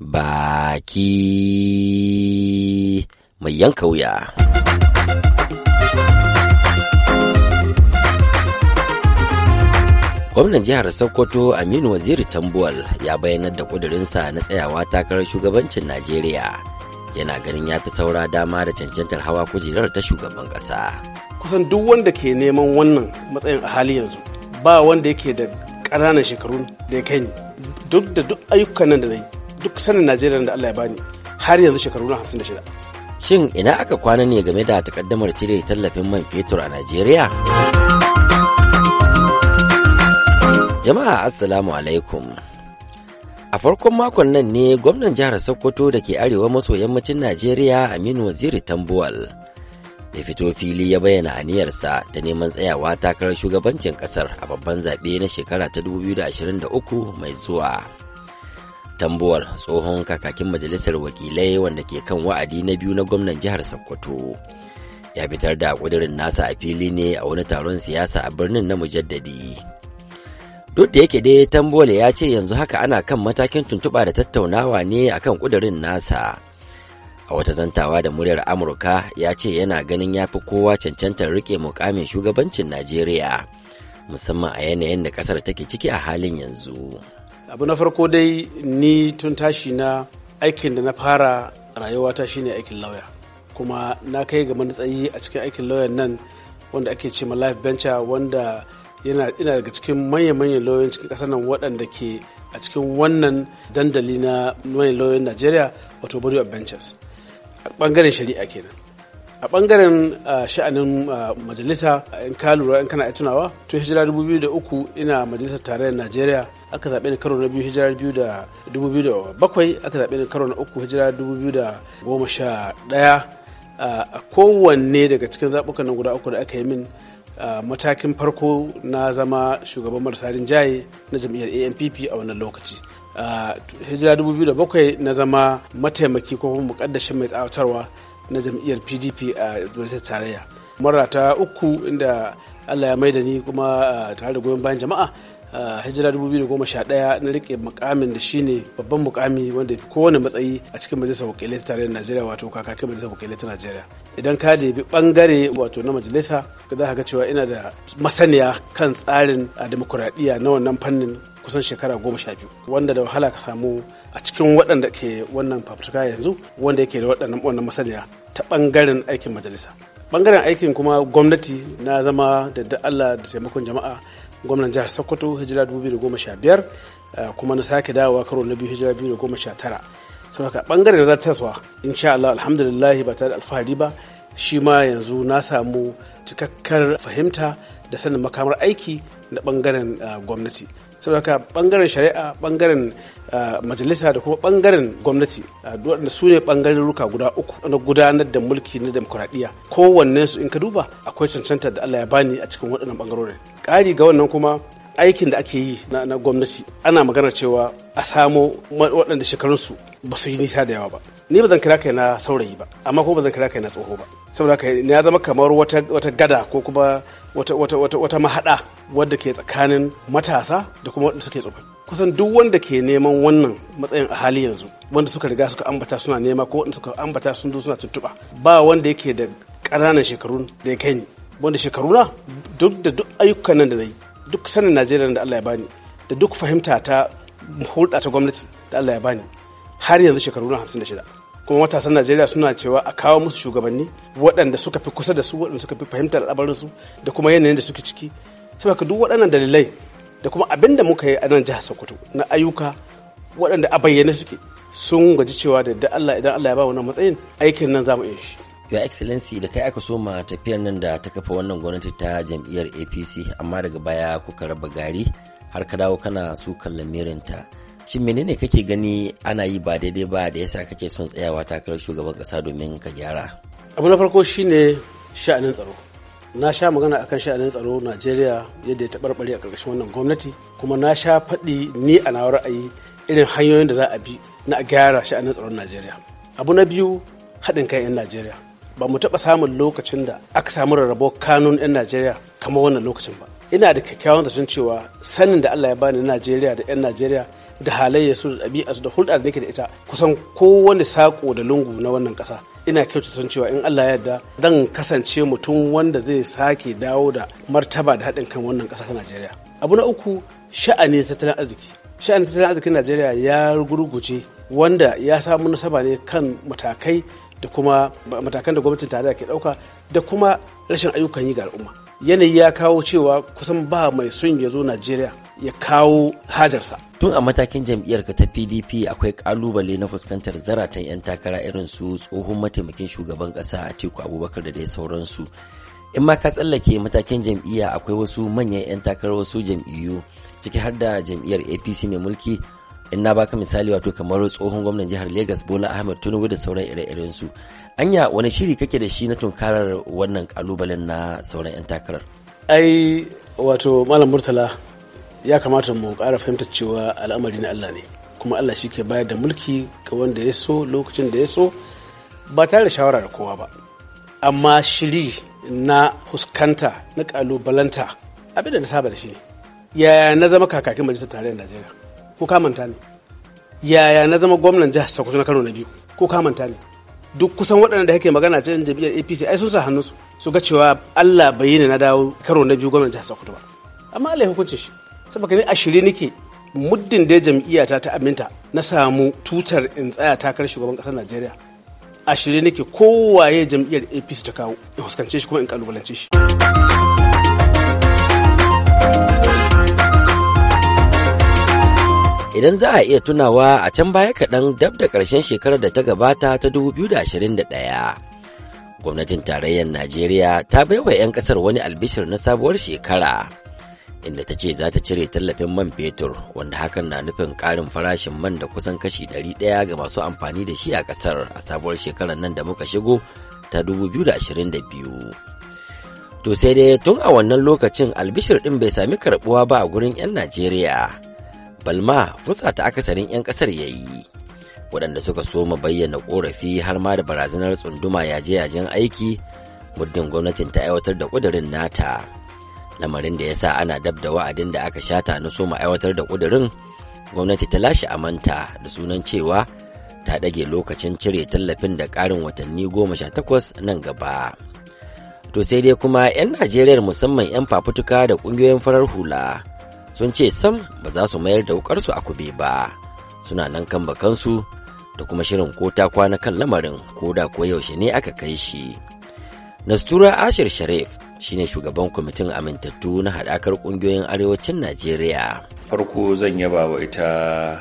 baki mai yanka wuya. Gwamnan jihar Sokoto Aminu Waziri Tambuwal ya bayyanar da kudurinsa na tsayawa takarar shugabancin Najeriya. Yana ganin ya fi saura dama da cancantar hawa kujerar ta shugaban ƙasa. Kusan duk wanda ke neman wannan matsayin a hali yanzu ba wanda yake da ƙananan shekaru da ya kai duk da duk ayyukan nan da na yi duk sanin najeriya da allah ya bani har yanzu shekaru na shin ina aka kwana ne game da takaddamar cire tallafin man fetur a najeriya jama'a assalamu alaikum a farkon makon nan ne gwamnan jihar sokoto da ke arewa maso yammacin najeriya aminu waziri tambuwal ya fito fili ya bayyana aniyarsa ta neman tsayawa takarar shugabancin kasar a babban zaɓe na shekara ta 2023 mai zuwa. tambuwar tsohon kakakin majalisar wakilai wanda ke kan wa'adi na biyu na gwamnan jihar sokoto ya fitar da kudirin nasa a fili ne a wani taron siyasa a birnin na mujaddadi duk da yake dai tambuwar ya ce yanzu haka ana kan matakin tuntuɓa da tattaunawa ne a kan kudirin nasa a wata zantawa da muryar amurka ya ce yana ganin ya fi kowa cancantar riƙe mukamin shugabancin najeriya musamman a yanayin da ƙasar take ciki a halin yanzu. abu na farko dai ni tun tashi na aikin da na fara rayuwa rayuwata shine aikin lauya kuma na kai ga matsayi a cikin aikin lauyan nan wanda ake ce ma life venture wanda yana ina daga cikin manya-manyan lauyoyin cikin kasar nan waɗanda ke a cikin wannan dandali na manyan lauyoyin najeriya wato body of ventures a ɓangaren shari'a kenan a bangaren sha'anin majalisa in ka lura in kana tunawa to hijira 2003 ina majalisar tarayyar najeriya aka zaɓe ni karo na biyu hijira 2007 aka zaɓe ni karo na uku hijira 2011 a kowanne daga cikin zaɓukan nan guda uku da aka yi min matakin farko na zama shugaban marasa rinjaye na jam'iyyar ampp a wannan lokaci hijira 2007 na zama mataimaki ko mukaddashin mai tsawatarwa na jam'iyyar pdp a majalisar tarayya mara ta uku inda allah ya maida ni kuma tare da goyon bayan jama'a a hijira 2011 na rike mukamin da shine babban mukami wanda fi kowane matsayi a cikin majalisar wakilai ta tarayyar najeriya wato kakakin majalisar wakilai ta najeriya idan ka debi bangare wato na majalisa ka za ka ga cewa ina da masaniya kan tsarin a demokuraɗiyya na wannan fannin kusan shekara goma sha biyu wanda da wahala ka samu a cikin waɗanda ke wannan fafutuka yanzu wanda yake da waɗannan wannan masaniya ta ɓangaren aikin majalisa ɓangaren aikin kuma gwamnati na zama da da Allah da taimakon jama'a gwamnan jihar Sokoto hijira 2015 eh, kuma na sake dawowa karo na biyu hijira 2019 saboda ɓangaren da za ta taswa insha Allah alhamdulillah ba tare da alfahari ba shi ma yanzu na samu cikakkar fahimta da sanin makamar aiki na bangaren ah, gwamnati saboda bangaren shari'a bangaren ah, majalisa da kuma bangaren gwamnati ah, waɗanda su ne bangaren ruka guda uku na gudanar da mulki na demokuraɗiyya kowanne su in ka duba akwai cancanta da Allah ya bani a cikin waɗannan bangarorin ƙari ga wannan kuma aikin da ake yi na gwamnati ana maganar cewa a samo waɗanda shekarunsu ba su yi nisa da yawa ba ni ba zan kira kai na saurayi ba amma ko ba zan kira kai na tsoho ba saboda kai ya zama kamar wata wata gada ko kuma wata wata wata wata mahada wadda ke tsakanin matasa da kuma wanda suke tsofaffi kusan duk wanda ke neman wannan matsayin a hali yanzu wanda suka riga suka ambata suna nema ko wanda suka ambata sun zo suna tuntuba ba wanda yake da ƙananan shekarun da ya kai ni wanda shekaruna duk da duk ayyukan nan da na yi duk sanin najeriya da allah ya bani da duk fahimta ta hulɗa ta gwamnati da allah ya bani har yanzu shekaru na hamsin da shida kuma matasan najeriya suna cewa a kawo musu shugabanni waɗanda suka fi kusa da su waɗanda suka fi fahimtar su da kuma yanayin da suke ciki saboda duk waɗannan dalilai da kuma abin da muka yi a nan jihar sokoto na ayyuka waɗanda a bayyane suke sun gaji cewa da da Allah idan Allah ya ba wannan matsayin aikin nan zamu yi shi ya Excellency da kai aka so ma tafiyar nan da ta kafa wannan gwamnati ta jam'iyyar APC amma daga baya kuka raba gari har ka dawo kana su kallon mirinta. Shin menene kake gani ana yi ba daidai ba da yasa kake son tsayawa takarar shugaban kasa domin ka gyara? Abu na farko shine sha'anin tsaro. Na sha magana akan sha'anin tsaro Najeriya yadda ya taɓarɓare a ƙarƙashin wannan gwamnati kuma na sha faɗi ni a nawar ra'ayi irin hanyoyin da za a bi na gyara sha'anin tsaron Najeriya. Abu na biyu haɗin kan 'yan Najeriya. Ba mu taɓa samun lokacin da aka samu rarrabo kanun 'yan Najeriya kamar wannan lokacin ba. Ina da kyakkyawan zaton cewa sanin da Allah ya bani Najeriya da 'yan Najeriya da halayya su da ɗabi'a su da hulɗar da yake da ita kusan kowane sako da lungu na wannan ƙasa ina kyautata cewa in Allah ya yarda zan kasance mutum wanda zai sake dawo da martaba da haɗin kan wannan ƙasa ta Najeriya abu na uku sha'ani tattalin arziki sha'anin tattalin arzikin najeriya ya gurguje wanda ya samu nasaba ne kan matakai da kuma matakan da gwamnatin tarayya ke ɗauka da kuma rashin ayyukan yi ga al'umma yanayi ya kawo cewa kusan ba mai son ya zo najeriya ya kawo hajarsa. Tun a matakin jam'iyyar ka ta PDP akwai kalubale na fuskantar zaratan 'yan takara irin su tsohon mataimakin shugaban kasa a teku abubakar da dai sauransu. In ma ka tsallake matakin jam'iyya akwai wasu manyan 'yan takarar wasu jam'iyyu ciki har da jam'iyyar APC mai mulki in na baka misali wato kamar tsohon gwamnan jihar Legas Bola Ahmed Tinubu da sauran ire-iren su. Anya wani shiri kake da shi na tunkarar wannan kalubalen na sauran 'yan takarar? Ai wato Malam Murtala ya kamata mu ƙara fahimtar cewa al'amari na Allah ne kuma Allah shi ke bayar da mulki ga wanda ya so lokacin da ya so ba tare da shawara da kowa ba amma shiri na fuskanta na kalubalanta abin da na saba da shi ne yaya na zama kakakin majalisar tarayyar najeriya ko kamanta ne yaya na zama gwamnan jihar sokoto na kano na biyu ko kamanta ne duk kusan waɗanda da kake magana cikin jam'iyyar apc ai sun sa hannunsu su ga cewa allah bayyana yi na dawo karo na biyu gwamnan jihar sokoto ba amma allah ya hukunce shi saboda ni a shirye nake muddin da jam'iyyata ta aminta na samu tutar in tsaya takarar shugaban ƙasar Najeriya a shirye nake kowaye jam'iyyar APC ta kawo in fuskance shi kuma in kalubalance shi. Idan za a iya tunawa a can baya kaɗan dab da ƙarshen shekarar da ta gabata ta 2021. gwamnatin tarayyar najeriya ta baiwa 'yan ƙasar wani albishir na sabuwar shekara inda ta ce za ta cire tallafin man fetur wanda hakan na nufin karin farashin man da kusan kashi 100 ga masu amfani da shi a ƙasar a sabuwar shekarar nan da muka shigo ta 2022. To sai dai tun a wannan lokacin albishir ɗin bai sami karɓuwa ba a gurin 'yan Najeriya. Balma fusa ta akasarin 'yan ƙasar ya yi. Waɗanda suka soma bayyana ƙorafi har ma da barazanar tsunduma yaje-yajen aiki muddin gwamnatin ta aiwatar da ƙudurin nata. lamarin da ya sa ana dab da wa'adin da aka shata na soma aiwatar da ƙudurin gwamnati ta lashe amanta da sunan cewa ta ɗage lokacin cire tallafin da ƙarin watanni goma sha takwas nan gaba to sai dai kuma 'yan najeriya musamman 'yan fafutuka da ƙungiyoyin farar hula sun ce sam ba za su mayar da wukarsu a kube ba suna nan kan bakansu da kuma shirin ko ta kwana kan lamarin ko da ko yaushe ne aka kai shi nastura ashir sharif shine shugaban kwamitin amintattu na haɗakar ƙungiyoyin arewacin Najeriya. farko zan yaba wa ita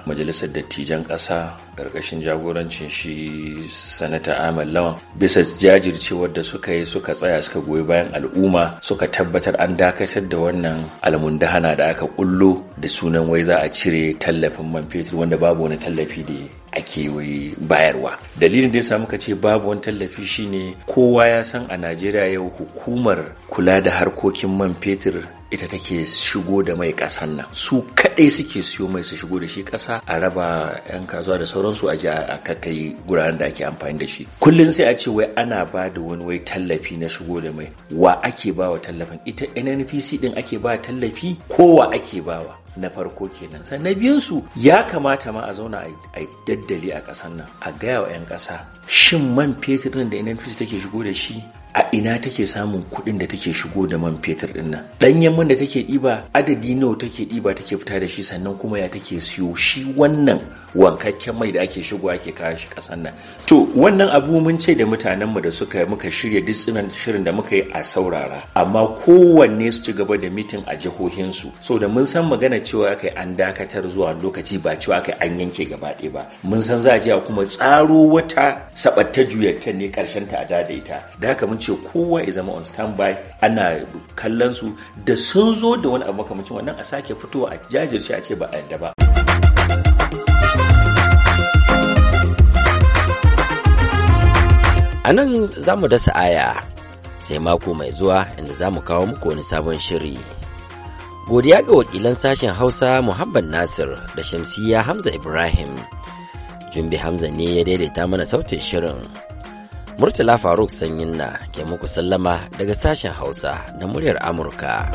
majalisar dattijan ƙasa ƙarƙashin jagorancin shi sanata ahmad lawan bisa jajircewar da suka yi suka tsaya suka goyi bayan al'umma suka tabbatar an dakatar da wannan almundahana da aka kullo da sunan wai za a cire tallafin man fetur wanda babu wani tallafi da ake bayarwa dalilin da ya samu ka ce babu wani tallafi shine kowa ya san a najeriya yau hukumar kula da harkokin man fetur ita take shigo da mai kasan nan su kadai suke siyo mai su shigo da shi kasa a raba yan kasuwa da sauransu a a kai guraren da ake amfani da shi kullum sai a ce wai ana ba da wani wai tallafi na shigo da mai wa ake ba wa tallafin ita nnpc din ake ba tallafi ko wa ake bawa na farko kenan sannan biyunsu ya kamata ma a zauna a daddali a ƙasar nan a gaya wa 'yan ƙasa shin man fetur da nnpc take shigo da shi a ina take samun kuɗin da take shigo da man fetur din nan ɗanyen man da take ɗiba adadi nawa take ɗiba take fita da shi sannan kuma ya take siyo shi wannan wankakken mai da ake shigo ake kawo shi ƙasan nan to wannan abu mun ce da mutanen mu da suka muka shirya duk shirin da muka yi a saurara amma kowanne su ci gaba da mitin a jihohinsu so da mun san magana cewa aka an dakatar zuwa lokaci ba cewa aka an yanke gaba ɗaya ba mun san za a kuma tsaro wata sabatta juyatta ne karshen ta a daidaita da haka mun ce kowa ya zama on standby ana kallon su da sun zo da wani abu makamacin wannan a sake fitowa a jajirce a ce ba a yadda ba A nan za mu dasa aya sai mako mai zuwa inda za mu kawo muku wani sabon shiri. Godiya ga wakilan sashen Hausa Muhammad Nasir da Shamsiya Hamza Ibrahim. Jumbi Hamza ne ya daidaita mana sautin shirin. Murtala Faruk Sanyin na ke muku sallama daga sashen Hausa na muryar Amurka.